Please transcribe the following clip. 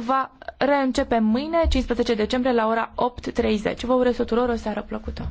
va reîncepe mâine, 15 decembrie, la ora 8.30. Vă urez tuturor o seară plăcută!